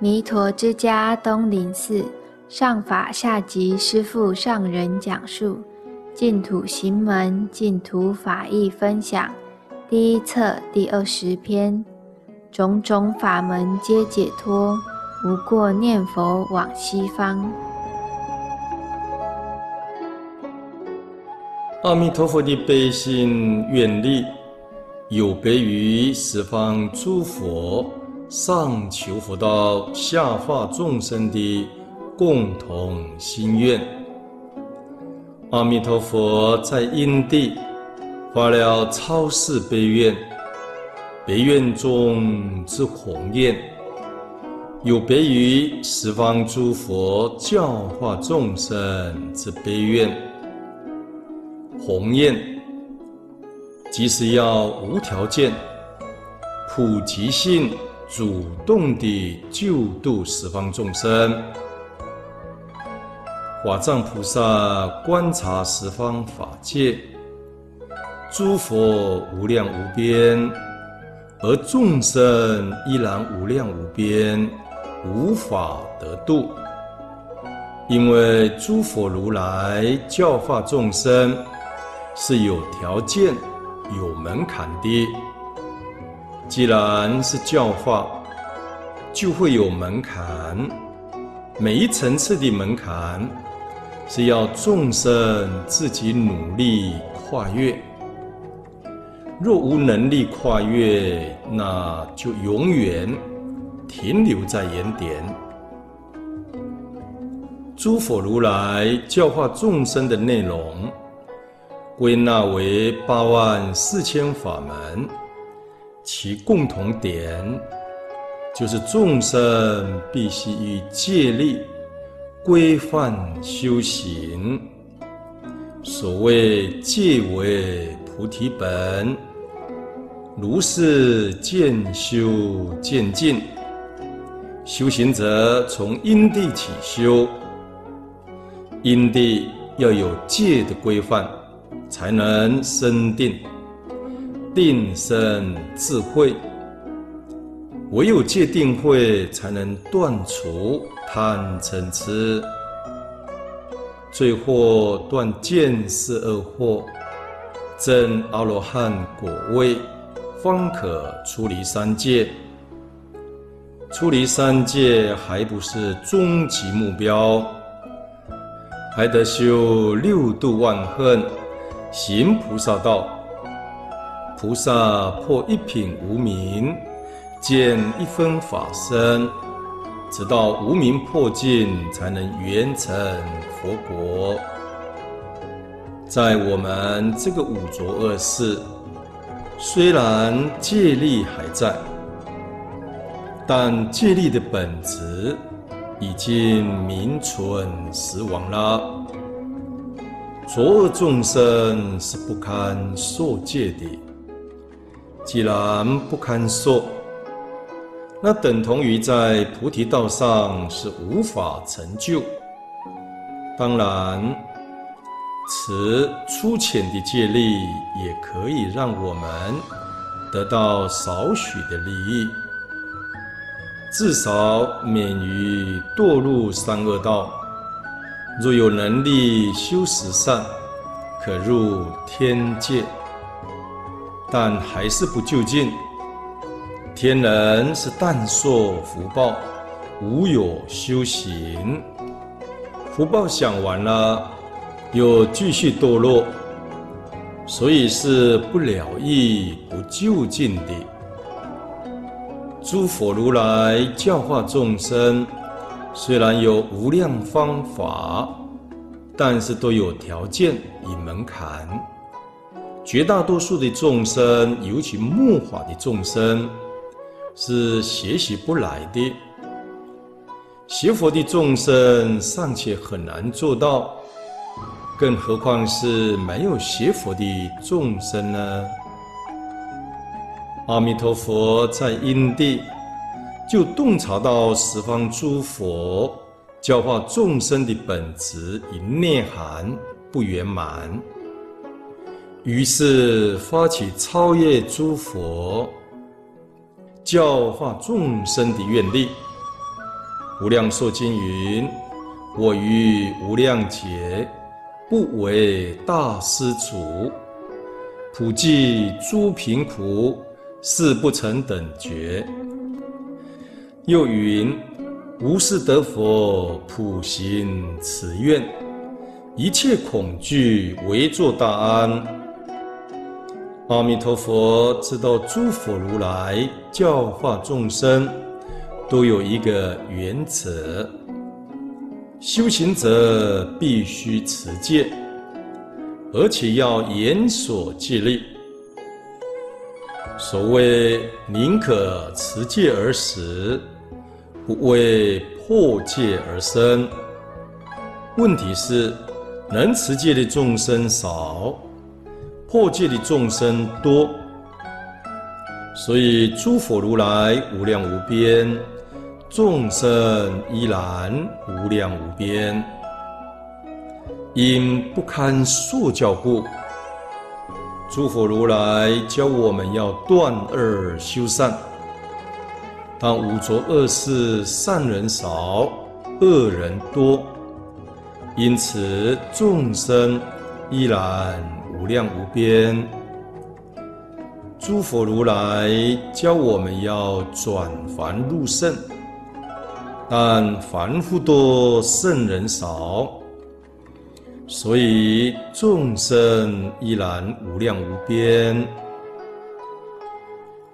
彌陀之家東林寺上法下寂師父上人講述淨土行門，淨土法義分享第一冊，第二十篇，種種法門皆解脫，無過念佛往西方。阿彌陀佛的悲心願力，有別於十方諸佛。上求佛道，下化眾生的共同心願。阿彌陀佛在因地發了超世悲願，悲願中之宏願，有別於十方諸佛教化眾生之悲願。宏願，即是要無條件、普及性。主動地救度十方眾生，法藏菩薩觀察十方法界，諸佛無量無邊，而眾生依然無量無邊，無法得度。因為諸佛如來教化眾生，是有條件、有門檻的。既然是教化，就會有門檻。每一層次的門檻，是要眾生自己努力跨越。若無能力跨越，那就永遠停留在原點。諸佛如來教化眾生的內容，歸納為八萬四千法門。其共同點就是眾生必須以戒律規範修行。所謂戒為菩提本，如是漸修漸進。修行者從因地起修，因地要有戒的規範，才能生定。定生智慧，唯有戒定慧才能斷除貪嗔癡，最後斷見思二惑，證阿羅漢果位，方可出離三界。出離三界還不是終極目標，還得修六度萬恨，行菩薩道。菩薩破一品無明，見一分法身，直到無明破盡，才能圓成佛國。在我們這個五濁惡世，雖然戒力還在，但戒力的本質已經名存實亡了。濁惡眾生是不堪受戒的。既然不堪受，那等同於在菩提道上是無法成就。當然，此粗淺的戒力也可以讓我們得到少許的利益，至少免於墮入三惡道。若有能力修十善，可入天界。但還是不究竟。天人是但受福報，無有修行，福報享完了，又繼續墮落，所以是不了義、不究竟的。諸佛如來教化眾生，雖然有無量方法，但是都有條件與門檻。絕大多數的眾生，尤其末法的眾生，是學習不來的；學佛的眾生尚且很難做到，更何況是沒有學佛的眾生呢？阿彌陀佛在因地就洞察到十方諸佛教化眾生的本質與內涵不圓滿。於是發起超越諸佛教化眾生的願力，無量壽經云：“我於無量劫不為大施主，普濟諸貧苦，誓不成等覺。”又云：“吾誓得佛，普行此願，一切恐懼，為作大安。”阿彌陀佛，知道諸佛如來教化眾生，都有一個原則：修行者必須持戒，而且要嚴守戒律。所謂“寧可持戒而死，不為破戒而生”。問題是，能持戒的眾生少。破戒的眾生多，所以諸佛如來無量無邊，眾生依然無量無邊。因不堪數教故，諸佛如來教我們要斷惡修善。但五濁惡世，善人少，惡人多，因此眾生依然。無量無邊，諸佛如來教我們要轉凡入聖，但凡夫多，聖人少，所以眾生依然無量無邊。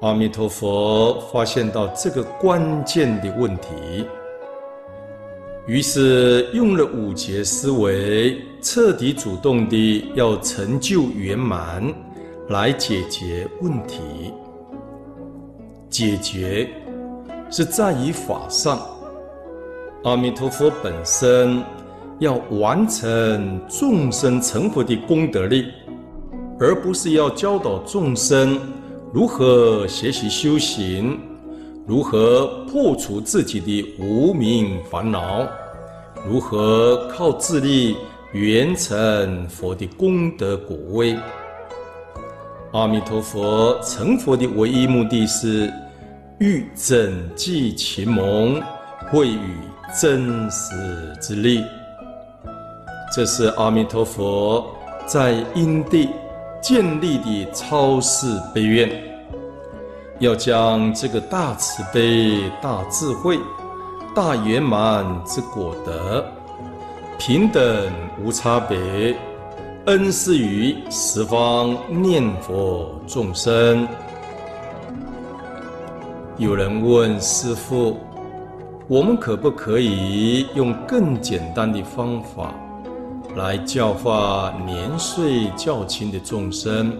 阿彌陀佛，發現到這個關鍵的問題。於是用了五劫思維，徹底主動地要成就圓滿，來解決問題。解決是在於法上，阿彌陀佛本身要完成眾生成佛的功德力，而不是要教導眾生如何學習修行。如何破除自己的無明煩惱？如何靠自力圓成佛的功德果位？阿彌陀佛，成佛的唯一目的是欲拯濟群蒙，惠與真實之力。這是阿彌陀佛在因地建立的超世悲願。要將這個大慈悲、大智慧、大圓滿之果德，平等無差別，恩賜於十方念佛眾生。有人問師父：“我們可不可以用更簡單的方法來教化年歲較輕的眾生？”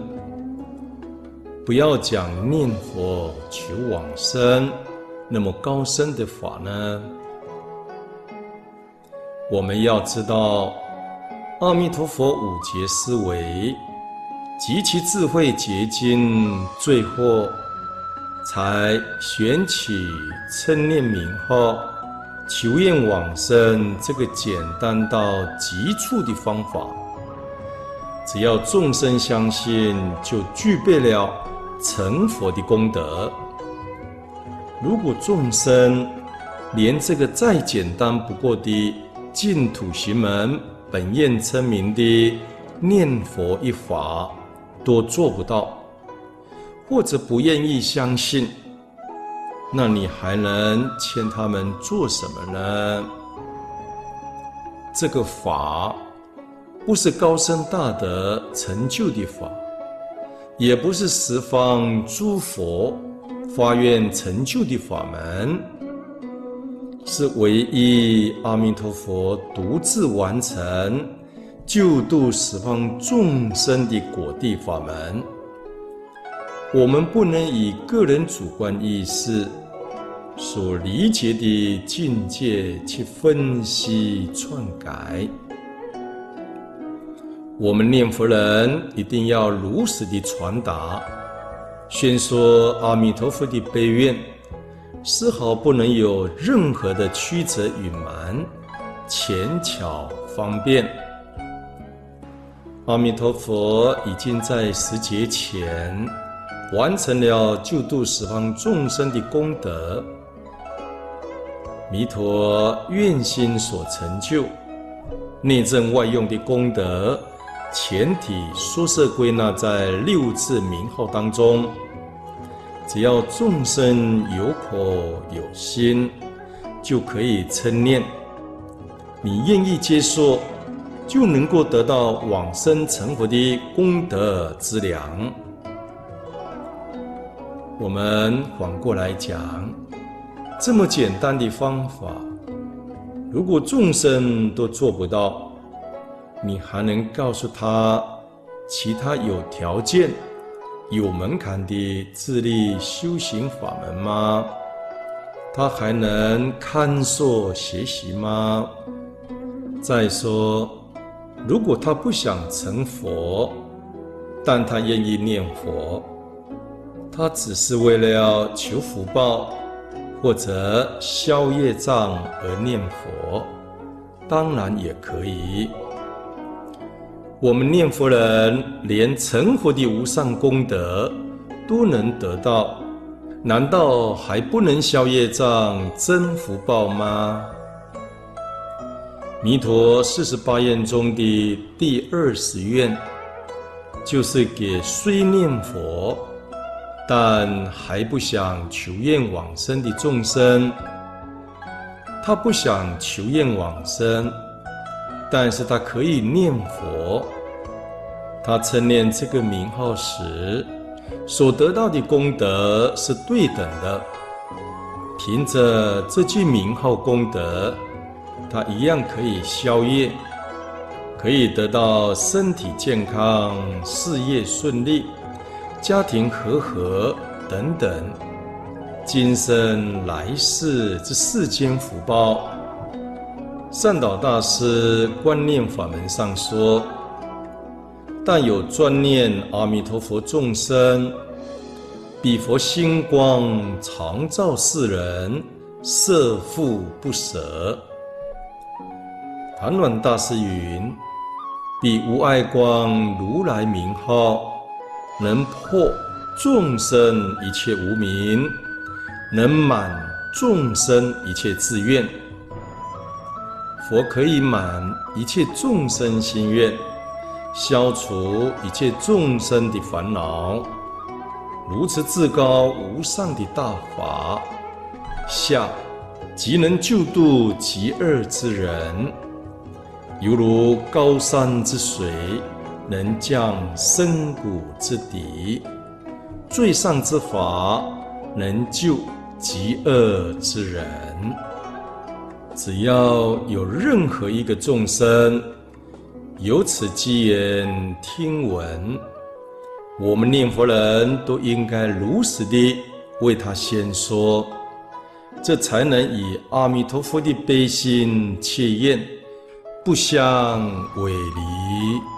不要講念佛求往生，那麼高深的法呢？我們要知道，阿彌陀佛五劫思維，及其智慧結晶，最後才選取稱念名號，求願往生這個簡單到極處的方法，只要眾生相信，就具備了。成佛的功德，如果眾生連這個再簡單不過的淨土行門、本願稱名的念佛一法都做不到，或者不願意相信，那你還能勸他們做什麼呢？這個法不是高僧大德成就的法。也不是十方諸佛發願成就的法門，是唯一阿彌陀佛獨自完成救度十方眾生的果地法門。我們不能以個人主觀意識所理解的境界去分析篡改。我們念佛人一定要如實的傳達、宣說阿彌陀佛的悲願，絲毫不能有任何的曲折隱瞞、淺巧方便。阿彌陀佛已經在十劫前完成了救度十方眾生的功德，彌陀願心所成就、內證外用的功德。前體說攝歸納在六字名號當中，只要眾生有口有心，就可以稱念。你願意接受，就能夠得到往生成佛的功德資糧。我們反過來講，這麼簡單的方法，如果眾生都做不到，你還能告訴他其他有條件、有門檻的自力修行法門嗎？他還能看所學習嗎？再說，如果他不想成佛，但他願意念佛，他只是為了要求福報或者消業障而念佛，當然也可以。我們念佛人連成佛的無上功德都能得到，難道還不能消業障、增福報嗎？彌陀四十八願中的第二十願，就是給雖念佛但還不想求願往生的眾生，他不想求願往生。但是他可以念佛，他稱念這個名號時，所得到的功德是對等的。憑着這句名號功德，他一樣可以消業，可以得到身體健康、事業順利、家庭和合等等，今生來世這世間福報。善導大師觀念法門上說：“但有專念阿彌陀佛，眾生彼佛心光常照世人，攝護不舍。”曇鸞大師雲：“彼無礙光如來名號，能破眾生一切無明，能滿眾生一切志願。”佛可以滿一切眾生心願，消除一切眾生的煩惱。如此至高無上的大法，下即能救度極惡之人，猶如高山之水，能降深谷之底。最上之法，能救極惡之人。只要有任何一個眾生由此機緣聽聞，我們念佛人都應該如實的為他宣說，這才能以阿彌陀佛的悲心切願不相違離。